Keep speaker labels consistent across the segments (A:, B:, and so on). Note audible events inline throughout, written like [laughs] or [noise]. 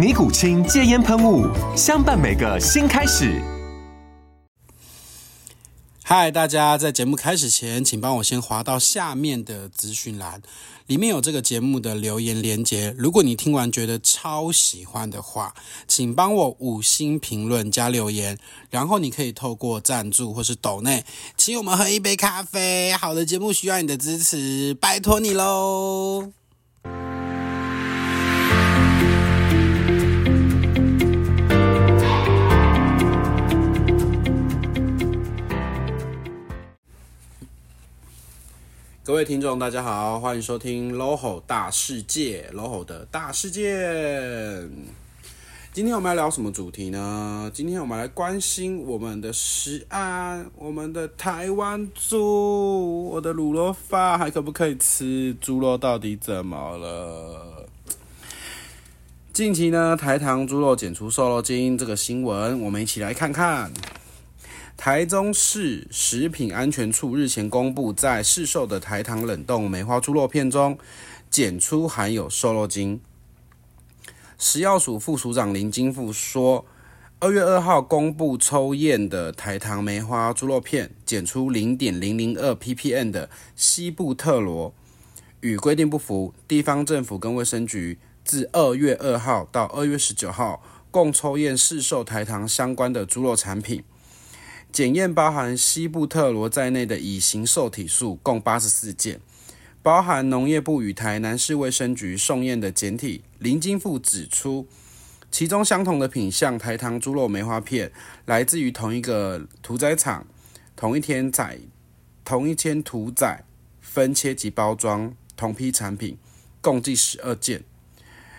A: 尼古清戒煙噴霧，相伴每個新開始。嗨，大家！在節目開始前，請幫我先滑到下面的資訊欄，裡面有這個節目的留言連結。如果你聽完覺得超喜歡的話，請幫我五星評論加留言。然後你可以透過贊助或是抖內，請我們喝一杯咖啡。好的節目需要你的支持，拜托你嘍！各位聽眾，大家好，歡迎收聽《LoHo 大世界》，LoHo 的大世界。今天我們要聊什麼主題呢？今天我們來關心我們的食安，我們的台灣豬，我的滷肉飯還可不可以吃？豬肉到底怎麼了？近期呢，台糖豬肉檢出瘦肉精這個新聞，我們一起來看看。台中市食品安全處日前公布，在市售的台糖冷凍梅花豬肉片中，檢出含有瘦肉精。食藥署副署長林金富說，二月二號公布抽驗的台糖梅花豬肉片，檢出零點零零二 ppm 的西布特羅，與規定不符。地方政府跟衛生局自二月二號到二月十九號，共抽驗市售台糖相關的豬肉產品。檢驗包含西布特羅在內的乙型受體素共八十四件，包含農業部與台南市衛生局送驗的檢體。林金富指出，其中相同的品項台糖豬肉梅花片，來自於同一個屠宰場、同一天宰、同一天屠宰、分切及包裝同批產品，共計十二件；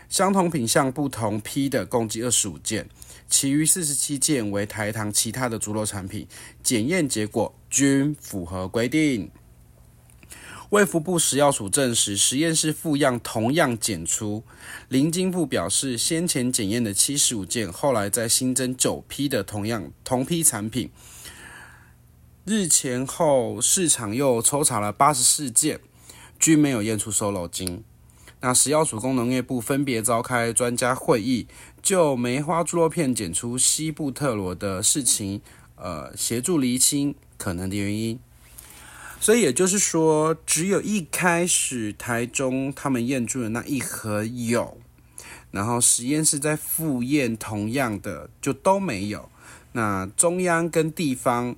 A: 相同品項不同批的共計二十五件。其餘四十七件為台糖其他的豬肉產品，檢驗結果均符合規定。衛福部食藥署證實，實驗室副樣同樣檢出。林金富表示，先前檢驗的七十五件，後來再新增九批的同樣同批產品。日前後市場又抽查了八十四件，均沒有驗出瘦肉精。那食藥署、工農業部分別召開專家會議，就梅花豬肉片檢出西布特羅的事情，呃，協助釐清可能的原因。所以也就是說，只有一開始台中他們驗出的那一盒有，然後實驗室在複驗同樣的就都沒有。那中央跟地方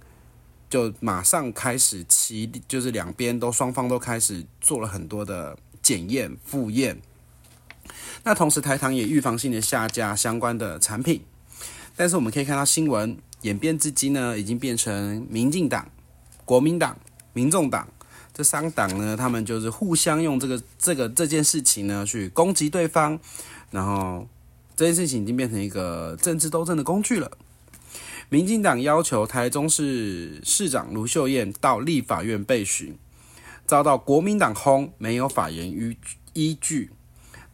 A: 就馬上開始，其就是兩邊都雙方都開始做了很多的。檢驗複驗，那同時，台糖也預防性的下架相關的產品。但是我們可以看到新聞演變至今呢，已經變成民進黨、國民黨、民眾黨這三黨呢，他們就是互相用這個這個這件事情呢去攻擊對方，然後這件事情已經變成一個政治鬥爭的工具了。民進黨要求台中市市長盧秀燕到立法院備詢。遭到國民黨轟，沒有法源依據。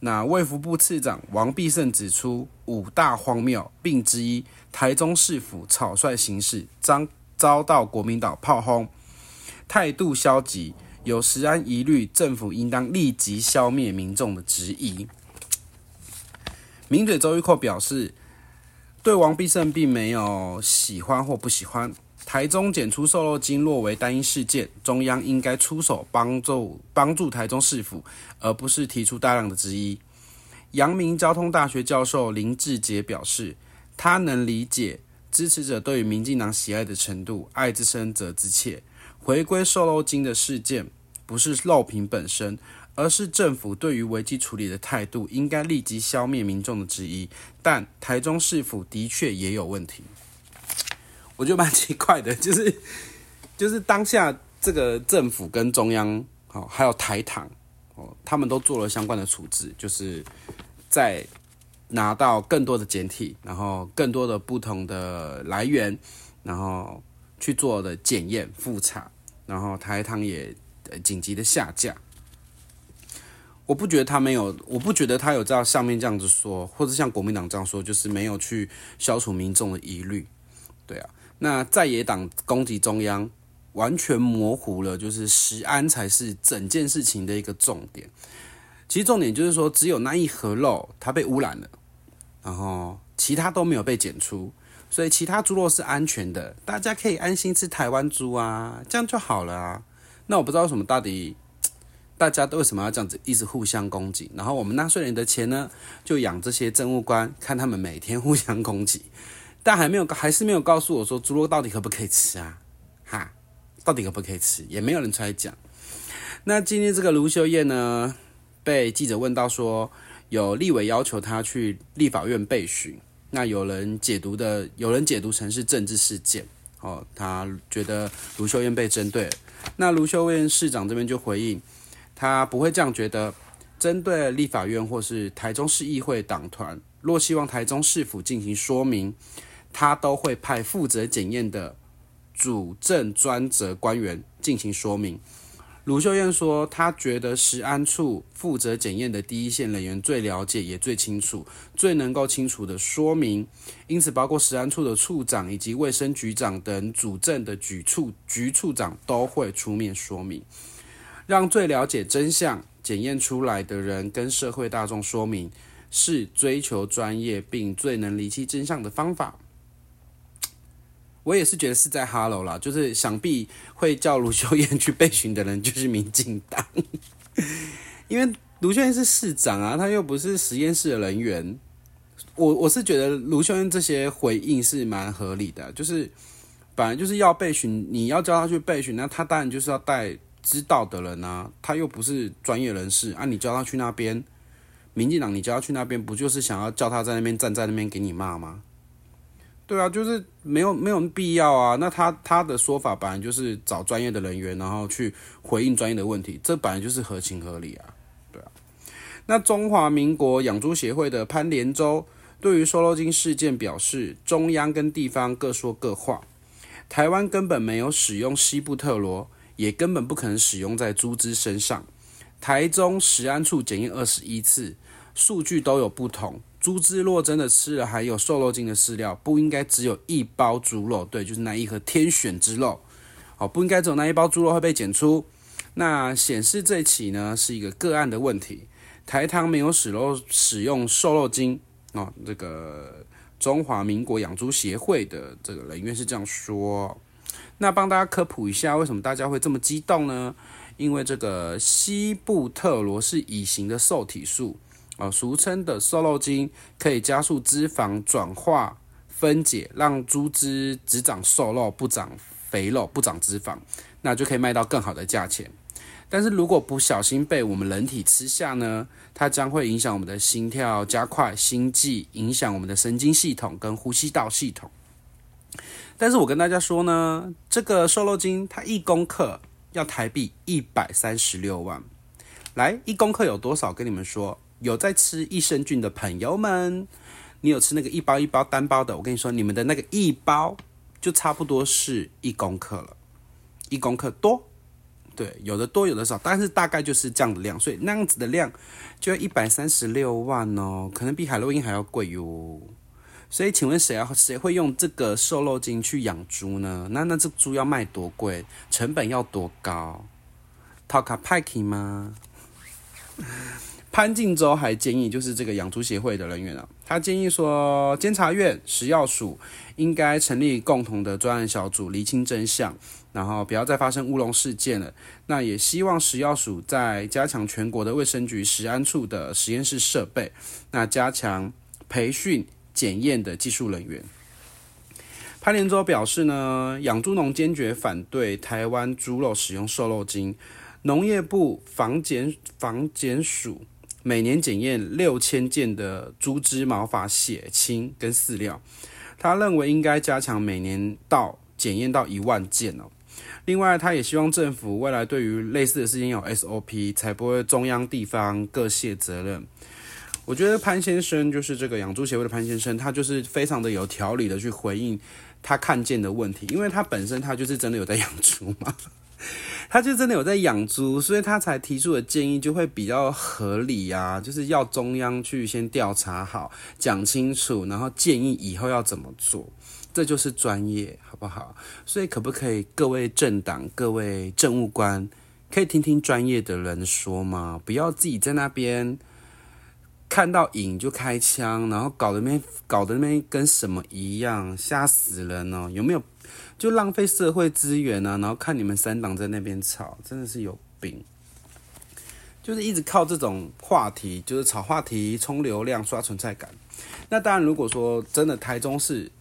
A: 那衛福部次長王必勝指出五大荒謬，並之一，台中市府草率行事，遭遭到國民黨炮轟，態度消極，有食安疑慮，政府應當立即消滅民眾的質疑。名嘴周玉蔻表示，對王必勝並沒有喜歡或不喜歡。台中檢出瘦肉精，若為單一事件，中央應該出手幫助幫助台中市府，而不是提出大量的質疑。陽明交通大學教授林志杰表示，他能理解支持者對於民進黨喜愛的程度，愛之深責之切。回歸瘦肉精的事件，不是肉品本身，而是政府對於危機處理的態度，應該立即消滅民眾的質疑。但台中市府的確也有問題。我覺得蠻奇怪的，就是就是當下這個政府跟中央，好、哦，還有台糖，哦，他們都做了相關的處置，就是在拿到更多的檢體，然後更多的不同的來源，然後去做的檢驗複查，然後台糖也緊急的下架。我不覺得他沒有，我不覺得他有照上面這樣子說，或者像國民黨這樣說，就是沒有去消除民眾的疑慮，對啊。那在野黨攻擊中央，完全模糊了，就是食安才是整件事情的一個重點。其實重點就是說，只有那一盒肉它被污染了，然後其他都沒有被檢出，所以其他豬肉是安全的，大家可以安心吃台灣豬啊，這樣就好了啊。那我不知道為什麼，到底，大家都為什麼要這樣子一直互相攻擊？然後我們納稅人的錢呢，就養這些政務官，看他們每天互相攻擊。但還沒有，還是沒有告訴我說豬肉到底可不可以吃啊？哈，到底可不可以吃？也沒有人出來講。那今天這個盧秀燕呢，被記者問到說，有立委要求他去立法院備詢。那有人解讀的，有人解讀成是政治事件哦。他覺得盧秀燕被針對了。那盧秀燕市長這邊就回應，他不會這樣覺得，針對立法院或是台中市議會黨團，若希望台中市府進行說明。他都會派負責檢驗的主政專責官員進行說明。盧秀燕說，她覺得食安處負責檢驗的第一線人員最了解，也最清楚，最能夠清楚的說明。因此，包括食安處的處長以及衛生局長等主政的局處局處長都會出面說明，讓最了解真相、檢驗出來的人跟社會大眾說明，是追求專業並最能釐清真相的方法。我也是覺得是在 Hello 啦，就是想必會叫盧秀燕去備詢的人就是民進黨， [laughs] 因為盧秀燕是市長啊，他又不是實驗室的人員。我我是覺得盧秀燕這些回應是蠻合理的，就是本來就是要備詢，你要叫他去備詢，那他當然就是要帶知道的人啊，他又不是專業人士啊，你叫他去那邊，民進黨你叫他去那邊，不就是想要叫他在那邊站在那邊給你罵嗎？對啊，就是沒有沒有必要啊。那他他的說法本來就是找專業的人員，然後去回應專業的問題，這本來就是合情合理啊。對啊，那中華民國養豬協會的潘連周對於瘦肉精事件表示，中央跟地方各說各話，台灣根本沒有使用西布特羅，也根本不可能使用在豬只身上。台中食安處檢驗二十一次，數據都有不同。豬豬肉真的吃了還有瘦肉精的飼料，不應該只有一包豬肉，對，就是那一盒天選之肉，哦，不應該只有那一包豬肉會被檢出。那顯示這起呢是一個個案的問題，台糖沒有使肉使用瘦肉精哦，這個中華民國養豬協會的這個人員是這樣說。那幫大家科普一下，為什麼大家會這麼激動呢？因為這個西布特羅是乙型的受體素。呃、哦，俗稱的瘦肉精，可以加速脂肪轉化分解，讓豬只只長瘦肉不長肥肉不長脂肪，那就可以賣到更好的價錢。但是如果不小心被我們人體吃下呢，它將會影響我們的心跳加快、心悸，影響我們的神經系統跟呼吸道系統。但是我跟大家說呢，這個瘦肉精它一公克要台幣一百三十六萬，來一公克有多少？跟你們說。有在吃益生菌的朋友們，你有吃那個一包一包單包的？我跟你說，你們的那個一包就差不多是一公克了，一公克多，對，有的多，有的少，但是大概就是這樣的量，所以那樣子的量就要一百三十六萬哦，可能比海洛因還要貴喲。所以，請問誰要？誰會用這個瘦肉精去養豬呢？那那這豬要賣多貴？成本要多高？頭殼壞去嗎？潘敬州還建議，就是這個養豬協會的人員啊，他建議說，監察院、食藥署應該成立共同的專案小組，釐清真相，然後不要再發生烏龍事件了。那也希望食藥署再加強全國的衛生局食安處的實驗室設備，那加強培訓檢驗的技術人員。潘連周表示呢，養豬農堅決反對台灣豬肉使用瘦肉精，農業部防檢防檢署。每年檢驗六千件的豬隻毛髮、血清跟飼料，他認為應該加強每年到檢驗到一萬件哦。另外，他也希望政府未來對於類似的事情有 SOP，才不會中央、地方各卸責任。我覺得潘先生就是這個養豬協會的潘先生，他就是非常的有條理的去回應他看見的問題，因為他本身他就是真的有在養豬嘛。他就真的有在養豬，所以他才提出的建議就會比較合理啊，就是要中央去先調查好，講清楚，然後建議以後要怎麼做，這就是專業，好不好？所以可不可以各位政黨、各位政務官，可以聽聽專業的人說嗎？不要自己在那邊。看到影就開槍，然後搞得那邊搞得那邊跟什麼一樣，嚇死人哦。有沒有？就浪費社會資源呢、啊？然後看你們三黨在那邊吵，真的是有病。就是一直靠這種話題，就是炒話題、充流量、刷存在感。那當然，如果說真的台中市，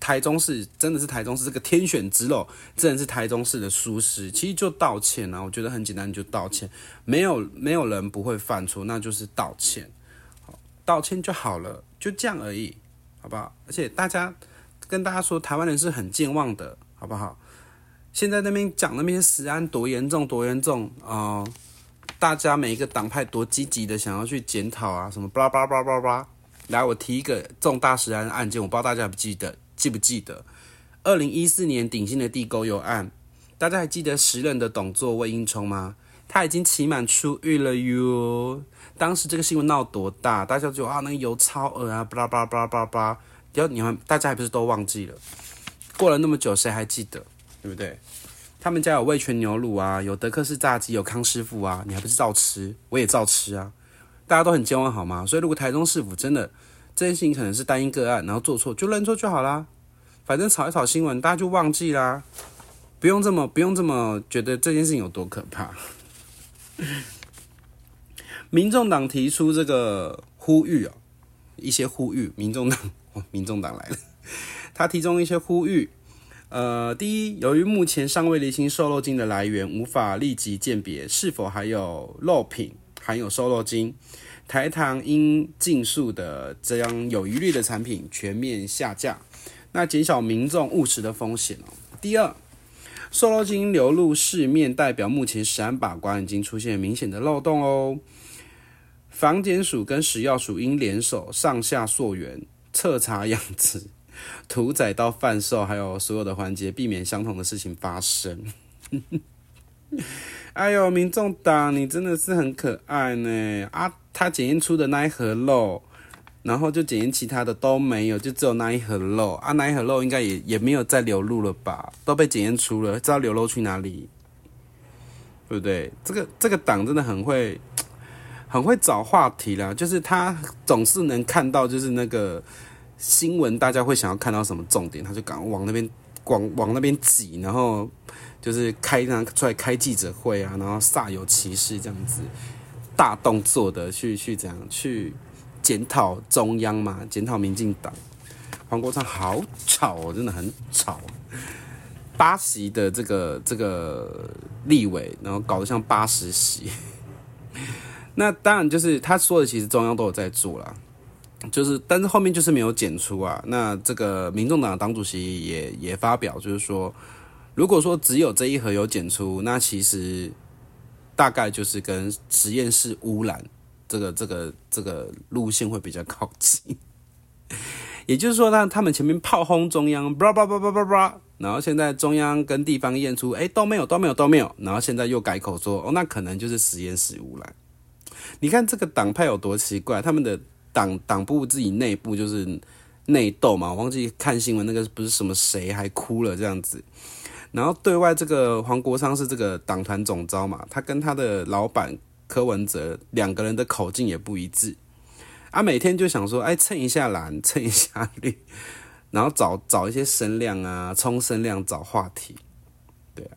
A: 台中市真的是台中市這個天選之肉，真的是台中市的疏失，其實就道歉啊，我覺得很簡單，就道歉。沒有沒有人不會犯錯，那就是道歉。道歉就好了，就這樣而已，好不好？而且大家跟大家說，台灣人是很健忘的，好不好？現在那邊講，那邊食安多嚴重多嚴重啊，呃，大家每一個黨派多積極的想要去檢討啊，什麼叭叭叭叭叭。來，我提一個重大食安案、案件，我不知道大家還不記得，記不記得？二零一四年頂新的地溝油案，大家還記得時任的董座魏應充嗎？他已經期滿出獄了喲。當時這個新聞鬧多大，大家就啊那個油超噁啊，巴拉巴拉巴拉巴拉，然後你們大家還不是都忘記了？過了那麼久，誰還記得？對不對？他們家有味全牛乳啊，有德克士炸雞，有康師傅啊，你還不是照吃？我也照吃啊。大家都很健忘好嗎？所以如果台中市府真的這件事情可能是單一個案，然後做錯就認錯就好啦。反正炒一炒新聞，大家就忘記啦。不用這麼不用這麼覺得這件事情有多可怕。民眾黨提出這個呼籲啊、哦，一些呼籲。民眾黨，民眾黨來了，他提供一些呼籲。呃，第一，由於目前尚未釐清瘦肉精的來源，無法立即鑑別是否還有肉品含有瘦肉精，台糖應盡速的將有疑慮的產品全面下架，那減少民眾誤食的風險、哦。第二。瘦肉精流入市面，代表目前食安把關已經出現明顯的漏洞哦。防檢署跟食藥署應聯手上下溯源、徹查養殖、屠宰到販售，還有所有的環節，避免相同的事情發生。哎呦，民眾黨，你真的是很可愛呢！啊，他檢驗出的那一盒肉。然後就檢驗其他的都沒有，就只有那一盒肉啊，那一盒肉應該也也沒有再流入了吧？都被檢驗出了，知道流入去哪裡？對不對？這個這個黨真的很會，很會找話題啦。就是他總是能看到，就是那個新聞，大家會想要看到什麼重點，他就趕往那邊，往往那邊擠，然後就是開出來開記者會啊，然後煞有其事這樣子，大動作的去去這樣去。去檢討中央嘛，檢討民進黨。黃國昌好吵哦、喔，真的很吵。八席的這個這個立委，然後搞得像八十席。 [laughs] 那當然就是他說的，其實中央都有在做啦，就是但是後面就是沒有檢出啊。那這個民眾黨的黨主席也也發表，就是說，如果說只有這一盒有檢出，那其實大概就是跟實驗室污染。這個這個這個路線會比較高級，也就是說呢，他們前面炮轟中央，叭叭叭叭叭叭，然後現在中央跟地方驗出，哎，都沒有都沒有都沒有，然後現在又改口說，哦，那可能就是實驗室誤了。你看這個黨派有多奇怪，他們的黨黨部自己內部就是內鬥嘛，我忘記看新聞那個不是什麼誰還哭了這樣子，然後對外這個黃國昌是這個黨團總召嘛，他跟他的老闆。柯文哲兩個人的口徑也不一致，他、啊、每天就想說，哎，蹭一下藍，蹭一下綠，然後找找一些聲量啊，衝聲量，找話題。對啊，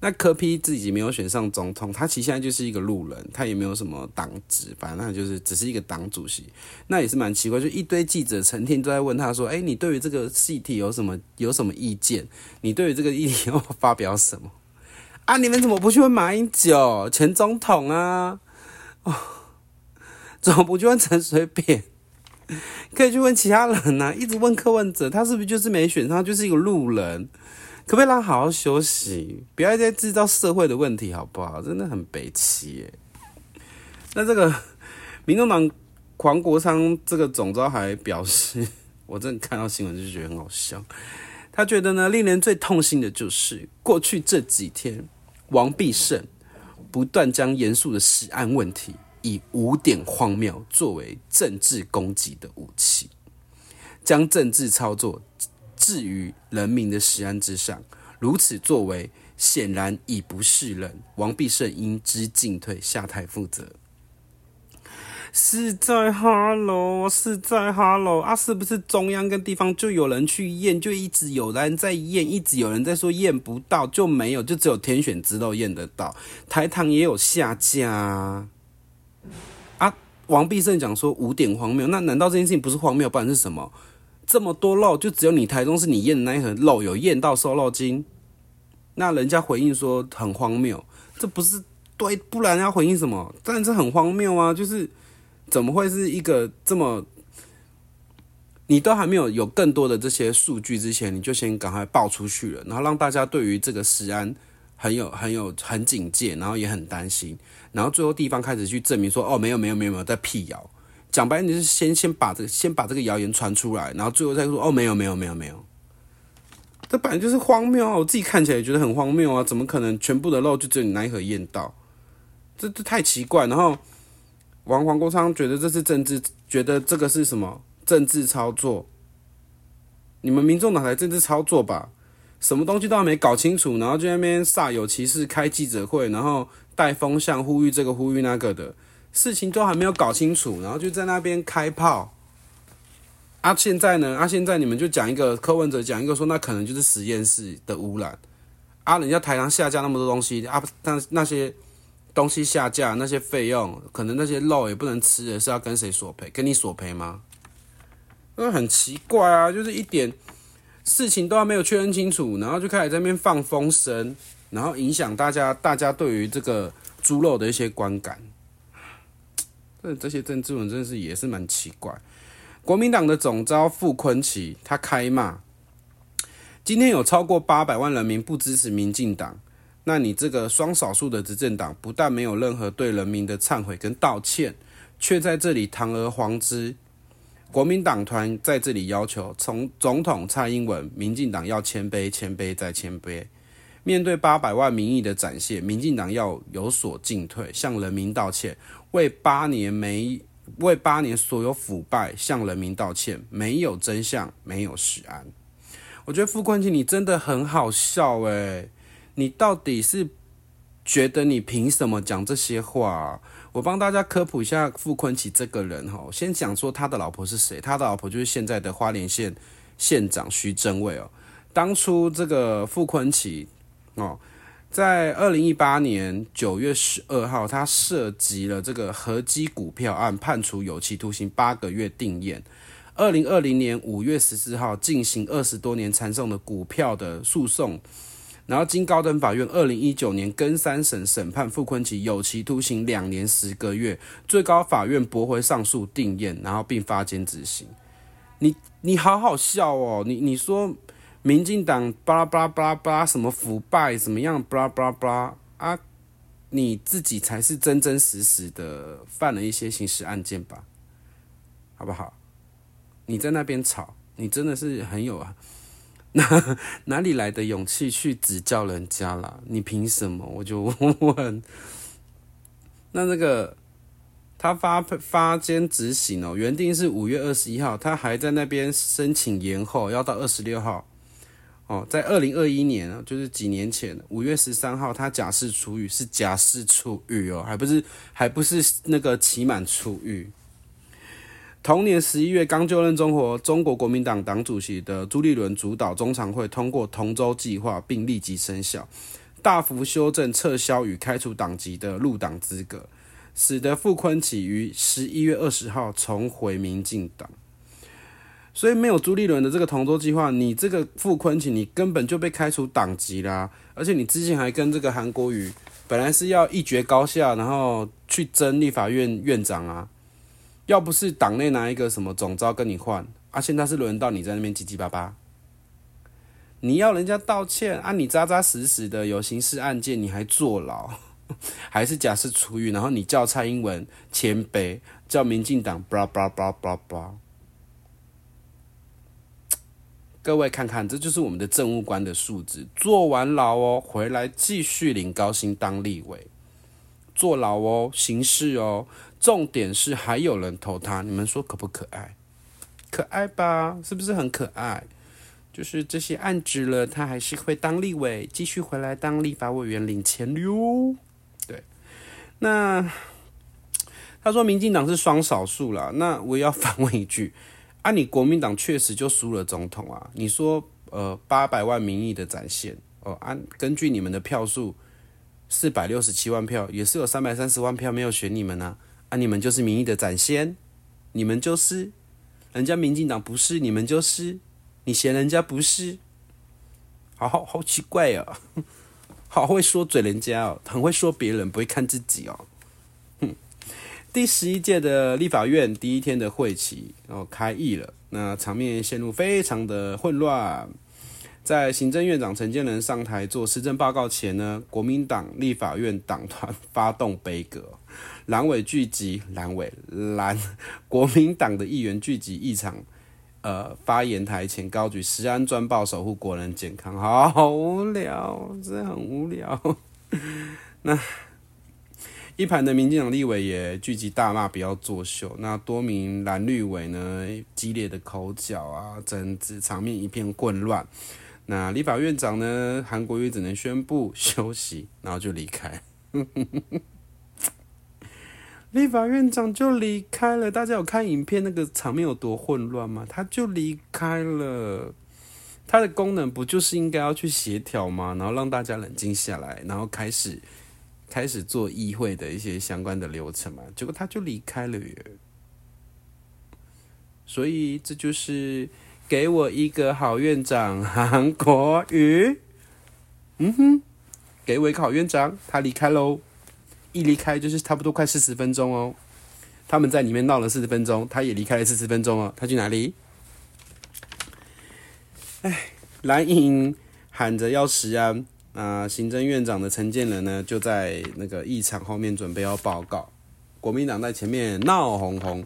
A: 那柯 P 自己沒有選上總統，他其實現在就是一個路人，他也沒有什麼黨職，反正他就是只是一個黨主席，那也是蠻奇怪，就一堆記者成天都在問他說，哎，你對於這個 CT 有什麼有什麼意見？你對於這個議題要發表什麼？啊！你們怎麼不去問馬英九、前總統啊？哦，怎麼不去問陳水扁？可以去問其他人呢、啊。一直問柯文哲，他是不是就是沒選上，他就是一個路人？可不可以讓他好好休息，不要再制造社會的問題，好不好？真的很悲戚耶。那這個民眾黨黃國昌這個總召還表示，我真的看到新聞就覺得很好笑。他覺得呢，令人最痛心的就是過去這幾天，王必勝不斷將嚴肅的食安問題以無點荒謬作為政治攻擊的武器，將政治操作置於人民的食安之上。如此作為，顯然已不適任。王必勝應知進退，下台負責。是在哈嘍，是在哈嘍啊！是不是中央跟地方就有人去驗，就一直有人在驗，一直有人在說驗不到，就沒有，就只有天選之肉驗得到。台糖也有下架啊。啊，王必勝講說五點荒謬，那難道這件事情不是荒謬，不然是什麼？這麼多肉，就只有你台中是你驗的那一盒肉有驗到瘦肉精，那人家回應說很荒謬，這不是對，不然要回應什麼？但是很荒謬啊，就是。怎麼會是一個這麼？你都還沒有有更多的這些數據之前，你就先趕快爆出去了，然後讓大家對於這個食安很有、很有、很警戒，然後也很擔心，然後最後地方開始去證明說：“哦，沒有，沒有，沒有，沒有在闢謠。”講白，你是先先把這先把這個謠言傳出來，然後最後再說：“哦，沒有，沒有，沒有，沒有。”這本來就是荒謬啊！我自己看起來也覺得很荒謬啊！怎麼可能全部的肉就只有你那一盒驗到？這這太奇怪。然後。王黃國昌覺得這是政治，覺得這個是什麼政治操作？你們民眾哪來政治操作吧？什麼東西都還沒搞清楚，然後就那邊煞有其事開記者會，然後帶風向呼籲這個呼籲那個的，事情都還沒有搞清楚，然後就在那邊開炮。啊，現在呢？啊，現在你們就講一個柯文哲講一個說，那可能就是實驗室的污染。啊，人家台上下架那麼多東西啊，但那，那些。東西下架那些費用，可能那些肉也不能吃，也是要跟誰索賠？跟你索賠嗎？那很奇怪啊，就是一點事情都還沒有確認清楚，然後就開始在那邊放風聲，然後影響大家，大家對於這個豬肉的一些觀感。這這些政治人真的是也是蠻奇怪。國民黨的總召傅崐萁他開罵，今天有超過八百萬人民不支持民進黨，那你這個雙少數的執政黨不但沒有任何對人民的懺悔跟道歉，卻在這裡堂而皇之，國民黨團在這裡要求從總統蔡英文，民進黨要謙卑，謙卑再謙卑，面對八百萬民意的展現，民進黨要有所進退，向人民道歉，為八年沒為八年所有腐敗向人民道歉，沒有真相，沒有實案。我覺得傅崐萁，你真的很好笑誒、欸你到底是覺得你憑什麼講這些話啊？我幫大家科普一下傅崐萁這個人哦，先講說他的老婆是誰，他的老婆就是現在的花蓮縣縣長徐榛蔚哦。當初這個傅崐萁哦，在二零一八年九月十二號，他涉及了這個合機股票案，判處有期徒刑八個月定讞。二零二零年五月十四號，進行二十多年纏訟的股票的訴訟。然後，經高等法院二零一九年更三審審判，傅崐萁有期徒刑兩年十個月。最高法院駁回上訴定讞，然後並發監執行。你你，好好笑哦！你你，說民進黨巴拉巴拉巴拉巴拉什麼腐敗怎麼樣巴拉巴拉巴拉啊？你自己才是真真實實的犯了一些刑事案件吧？好不好？你在那邊吵，你真的是很有啊。那 [laughs] 哪裡來的勇氣去指教人家啦？你憑什麼？我就問問？那那個他發發監執行哦，原定是五月二十一號，他還在那邊申請延後，要到二十六號。哦，在二零二一年哦，就是幾年前，五月十三號他假釋出獄，是假釋出獄哦，還不是還不是那個期滿出獄。同年十一月剛就任中國中國國民黨黨主席的朱立倫主導中常會通過同舟計劃，並立即生效，大幅修正撤銷與開除黨籍的入黨資格，使得傅崐萁於十一月二十號重回民進黨。所以沒有朱立倫的這個同舟計劃，你這個傅崐萁你根本就被開除黨籍啦、啊，而且你之前還跟這個韓國瑜本來是要一決高下，然後去爭立法院院長啊。要不是黨內拿一個什麼總召跟你換，啊，現在是輪到你在那邊嘰嘰巴巴，你要人家道歉啊，你扎扎實實的有刑事案件，你還坐牢，還是假釋出獄，然後你叫蔡英文謙卑，叫民進黨 blah, blah, blah, blah, blah, blah? 各位看看，這就是我們的政務官的素質，坐完牢哦，回來繼續領高薪當立委。坐牢哦，刑事哦，重點是還有人投他，你們說可不可愛？可愛吧，是不是很可愛？就是這些案子了，他還是會當立委，繼續回來當立法委員領錢喲。對，那他說民進黨是雙少數啦，那我也要反問一句：啊，你國民黨確實就輸了總統啊？你說，呃，八百萬民意的展現，哦、呃，按根據你們的票數。四百六十七萬票，也是有三百三十萬票沒有選你們吶，啊，啊，你們就是民意的展現，你們就是，人家民進黨不是，你們就是，你嫌人家不是，好好好奇怪哦，好會說嘴人家哦，很會說別人，不會看自己哦，哼，第十一屆的立法院第一天的會期哦，開議了，那場面陷入非常的混亂。在行政院長陳建仁上臺做施政報告前呢，國民黨立法院黨團發動杯葛，藍委聚集，藍委藍，國民黨的議員聚集議場，呃，發言臺前高舉食安專報守護國人健康，好，好無聊，真的很無聊。 [laughs] 那一盤的民進黨立委也聚集大罵不要作秀，那多名藍綠委呢激烈，的口角啊，整場面一片混亂。那立法院長呢，韓國瑜只能宣布休息，然後就離開。立 [laughs] 法院長就離開了。大家有看影片，那個場面有多混亂嗎？他就離開了。他的功能不就是應該要去協調嗎？然後讓大家冷靜下來，然後開始開始做議會的一些相關的流程嘛。結果他就離開了耶。所以這就是。給我一個好院長，韓國瑜。嗯哼，給我一個好院長，他離開嘍。一離開就是差不多快四十分鐘哦。他們在裡面鬧了四十分鐘，他也離開了四十分鐘哦。他去哪裡？哎，藍營喊着要食安啊，那行政院長的陳建仁呢，就在那個議場後面準備要報告。國民黨在前面鬧哄哄，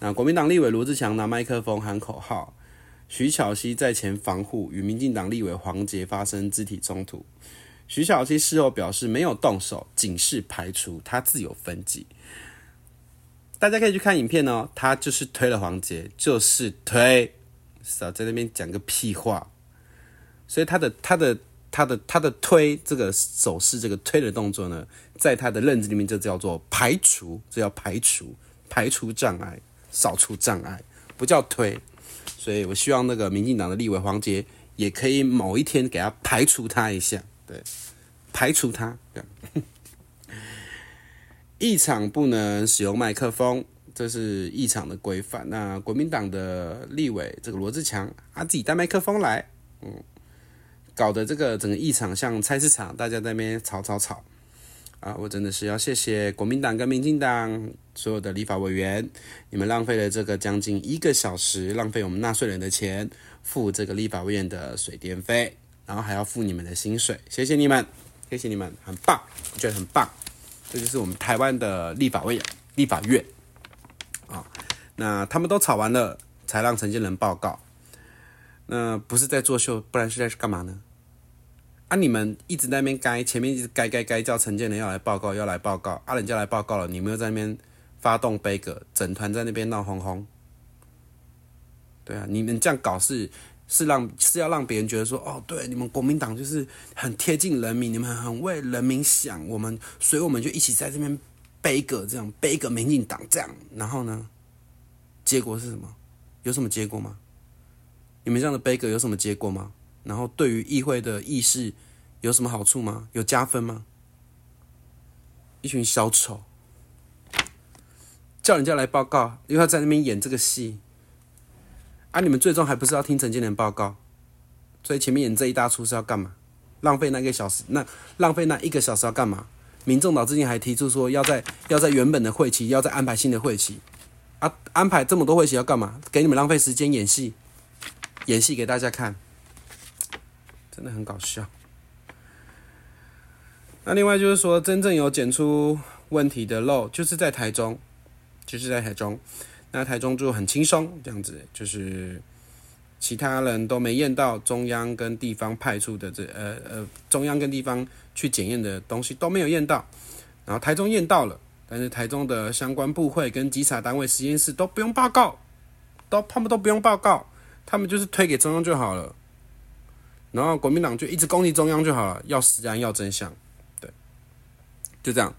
A: 那國民黨立委羅，羅智強拿麥克風喊口號。徐巧芯在前防護與民進黨立委黃捷發生肢體衝突，徐巧芯事後表示沒有動手，僅是排除，他自有分際。大家可以去看影片哦，他就是推了黃捷，就是推，少在那邊講個屁話。所以他的他的他的他的，他的推這個手勢，這個推的動作呢，在他的認知裡面就叫做排除，就叫排除，排除障礙，掃除障礙，不叫推。所以，我希望那個民進黨的立委黃捷也可以某一天給他排除他一下，對，排除他。對。議 [laughs] 場不能使用麥克風，這是議場的規範。那國民黨的立委這個羅智強他自己帶麥克風來，嗯，搞得這個整個議場像菜市場，大家在那邊吵吵吵。啊，我真的是要謝謝國民黨跟民進黨所有的立法委員，你們浪費了這個將近一個小時，浪費我們納稅人的錢，付這個立法委員的水電費，然後還要付你們的薪水，謝謝你們，謝謝你們，很棒，我覺得很棒，這就是我們台灣的立法委立法院啊、哦。那他們都吵完了，才讓陳建仁報告，那不是在作秀，不然是在幹嘛呢？啊！你們一直在那邊該前面一直該該該叫陳建仁要來報告，要來報告，啊人家來報告了，你們又在那邊發動杯葛，整團在那邊鬧哄哄。對啊，你們這樣搞是是讓是要讓別人覺得說哦，對，你們國民黨就是很貼近人民，你們很為人民想，我們所以我們就一起在這邊杯葛這樣杯葛民進黨這樣，然後呢，結果是什麼？有什麼結果嗎？你們這樣的杯葛有什麼結果嗎？然後對於議會的議事有什麼好處嗎？有加分嗎？一群小丑叫人家來報告，又要在那邊演這個戲啊！你們最終還不是要聽陳建仁報告？所以前面演這一大出是要幹嘛？浪費那一個小時，那浪費那一個小時要幹嘛？民眾黨最近還提出說要在要在原本的會期，要再安排新的會期啊！安排這麼多會期要幹嘛？給你們浪費時間演戲，演戲給大家看。那很搞笑。那另外就是說，真正有檢出問題的肉，就是在台中，就是在台中。那台中就很輕鬆，這樣子就是其他人都沒驗到，中央跟地方派出的這呃呃，中央跟地方去檢驗的東西都沒有驗到，然後台中驗到了，但是台中的相關部會跟稽查單位實驗室都不用報告，都他們都不用報告，他們就是推給中央就好了。然後國民黨就一直攻擊中央就好了，要食安，要真相，對，就這樣，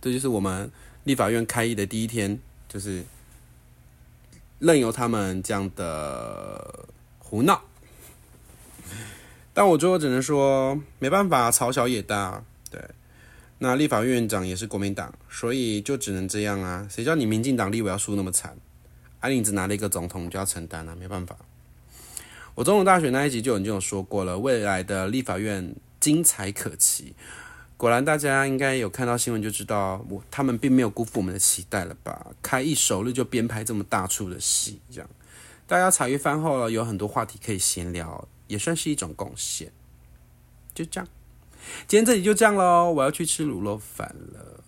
A: 這就是我們立法院開議的第一天，就是任由他們這樣的胡鬧。但我最後只能說，沒辦法，朝小野大，對，那立法院院長也是國民黨，所以就只能這樣啊，誰叫你民進黨立委要輸那麼慘，而、啊、你只拿了一個總統就要承擔了、啊，沒辦法。我中正大學那一集就已經有說過了，未來的立法院精彩可期。果然，大家應該有看到新聞就知道，我他們並沒有辜負我們的期待了吧？開一首日就編排這麼大出的戲，這樣大家茶餘飯後了有很多話題可以閒聊，也算是一種貢獻。就這樣，今天這裡就這樣嘍，我要去吃滷肉飯了。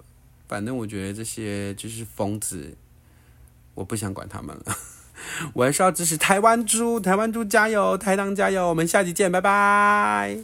A: 反正我覺得這些就是瘋子，我不想管他們了。我還是要支持台灣豬，台灣豬加油，台糖加油，我們下集見，拜拜。